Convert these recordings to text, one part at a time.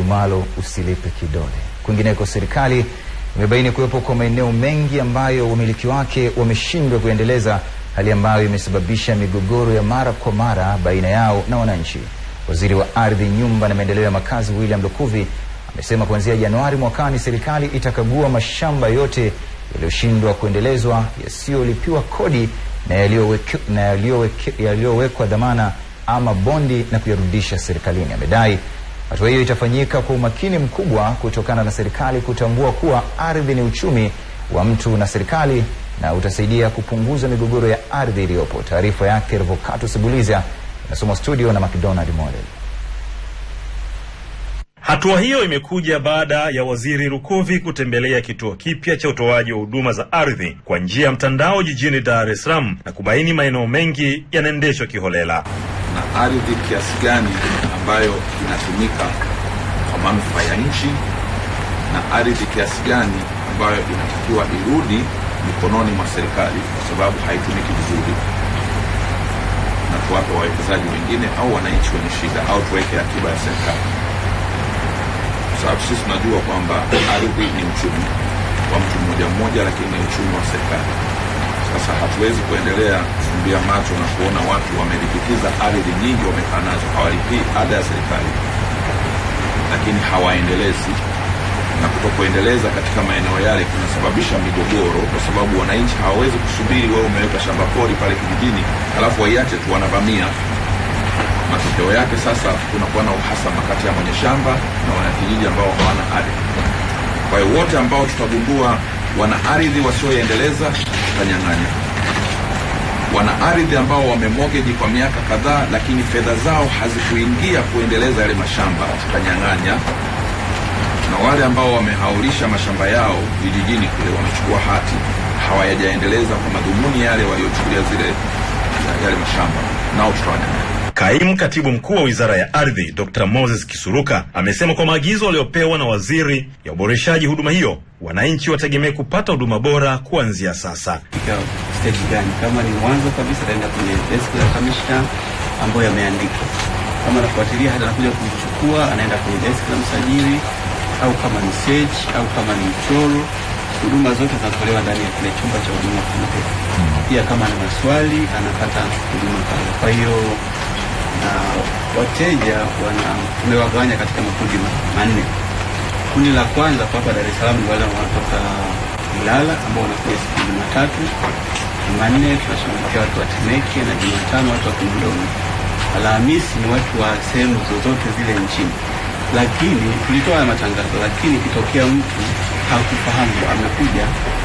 liumalo usilipe kidole. Kwingineko, serikali imebaini kuwepo kwa maeneo mengi ambayo wamiliki wake wameshindwa kuendeleza, hali ambayo imesababisha migogoro ya mara kwa mara baina yao na wananchi. Waziri wa Ardhi, Nyumba na Maendeleo ya Makazi William Lukuvi amesema kuanzia Januari mwakani serikali itakagua mashamba yote yaliyoshindwa kuendelezwa, yasiyolipiwa kodi na yaliyowekwa dhamana ama bondi na kuyarudisha serikalini. Amedai Hatua hiyo itafanyika kwa umakini mkubwa kutokana na serikali kutambua kuwa ardhi ni uchumi wa mtu na serikali na utasaidia kupunguza migogoro ya ardhi iliyopo. Taarifa yake Revocato Sibuliza inasoma studio na McDonald Model. Hatua hiyo imekuja baada ya Waziri rukuvi kutembelea kituo kipya cha utoaji wa huduma za ardhi kwa njia ya mtandao jijini Dar es Salaam na kubaini maeneo mengi yanaendeshwa kiholela na ardhi kiasi gani ambayo inatumika kwa manufaa ya nchi na ardhi kiasi gani ambayo inatakiwa irudi mikononi mwa serikali kwa sababu haitumiki vizuri, na tuwape wawekezaji wengine au wananchi wenye shida, au tuweke akiba ya serikali, kwa sababu sisi tunajua kwamba ardhi ni uchumi wa mtu mmoja mmoja, lakini ni uchumi wa serikali. Sasa hatuwezi kuendelea kufumbia macho na kuona watu wamelipikiza ardhi nyingi, wamekaa nazo, hawalipii ada ya serikali, lakini hawaendelezi na kutokuendeleza katika maeneo yale kunasababisha migogoro, kwa sababu wananchi hawawezi kusubiri wewe umeweka shamba pori pale kijijini alafu waiache tu, wanavamia. Matokeo yake sasa kunakuwa na uhasama kati ya mwenye shamba na wanakijiji ambao hawana ardhi. Kwa hiyo wote ambao tutagundua wana ardhi wasioendeleza watanyang'anya. Wana ardhi ambao wamemogeji kwa miaka kadhaa, lakini fedha zao hazikuingia kuendeleza yale mashamba, tutanyang'anya. Na wale ambao wamehaulisha mashamba yao vijijini kule, wamechukua hati, hawayajaendeleza kwa madhumuni yale waliochukulia zile yale mashamba, nao tutawanyang'anya. Kaimu katibu mkuu wa wizara ya ardhi Dr Moses Kisuruka amesema kwa maagizo aliyopewa na waziri ya uboreshaji huduma hiyo, wananchi wategemee kupata huduma bora kuanzia sasa. Stage gani? Kama ni mwanzo kabisa, taenda kwenye deski ya kamishna ambayo yameandikwa. Kama anafuatilia hata anakuja kuichukua, anaenda kwenye deski la msajili, au kama ni sage, au kama ni mchoro huduma zote zinatolewa ndani ya kile chumba cha huduma kwa hmm. mteja. Pia kama ana maswali anapata huduma pale. Kwa hiyo na wateja tumewagawanya katika makundi manne. Kundi la kwanza kwa hapa Dar es Salaam ni wale wanaotoka Ilala ambao wanakuja siku Jumatatu, Jumanne tunashughulikia watu wa Temeke na Jumatano watu wa Kinondoni. Alhamisi ni watu wa sehemu zozote zile nchini, lakini tulitoa matangazo, lakini ikitokea mtu hakufahamu amekuja,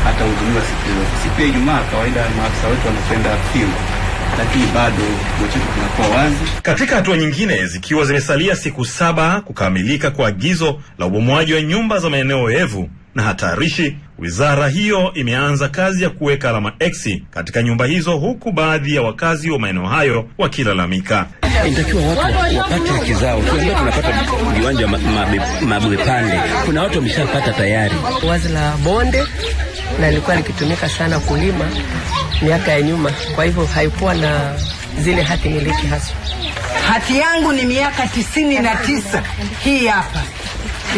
atahudumiwa siku hizo. Siku ya Ijumaa kawaida maafisa wetu wanakwenda field lakini bado kituo chetu kinakuwa wazi. Katika hatua nyingine, zikiwa zimesalia siku saba kukamilika kwa agizo la ubomoaji wa nyumba za maeneo oevu na hatarishi, wizara hiyo imeanza kazi ya kuweka alama X katika nyumba hizo, huku baadhi ya wakazi wa maeneo hayo wakilalamika. Inatakiwa watu wapate haki zao. Tunaambia tunapata viwanja mabwe pande, kuna watu wameshapata tayari, wazi la bonde na ilikuwa likitumika sana kulima miaka ya nyuma, kwa hivyo haikuwa na zile hati miliki hasa. Hati yangu ni miaka tisini na tisa hii hapa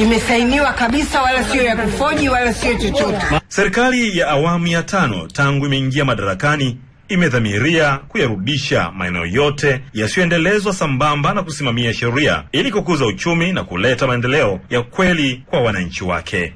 imesainiwa kabisa, wala sio ya kufoji wala sio chochote. Serikali ya awamu ya tano tangu imeingia madarakani imedhamiria kuyarudisha maeneo yote yasiyoendelezwa sambamba na kusimamia sheria ili kukuza uchumi na kuleta maendeleo ya kweli kwa wananchi wake.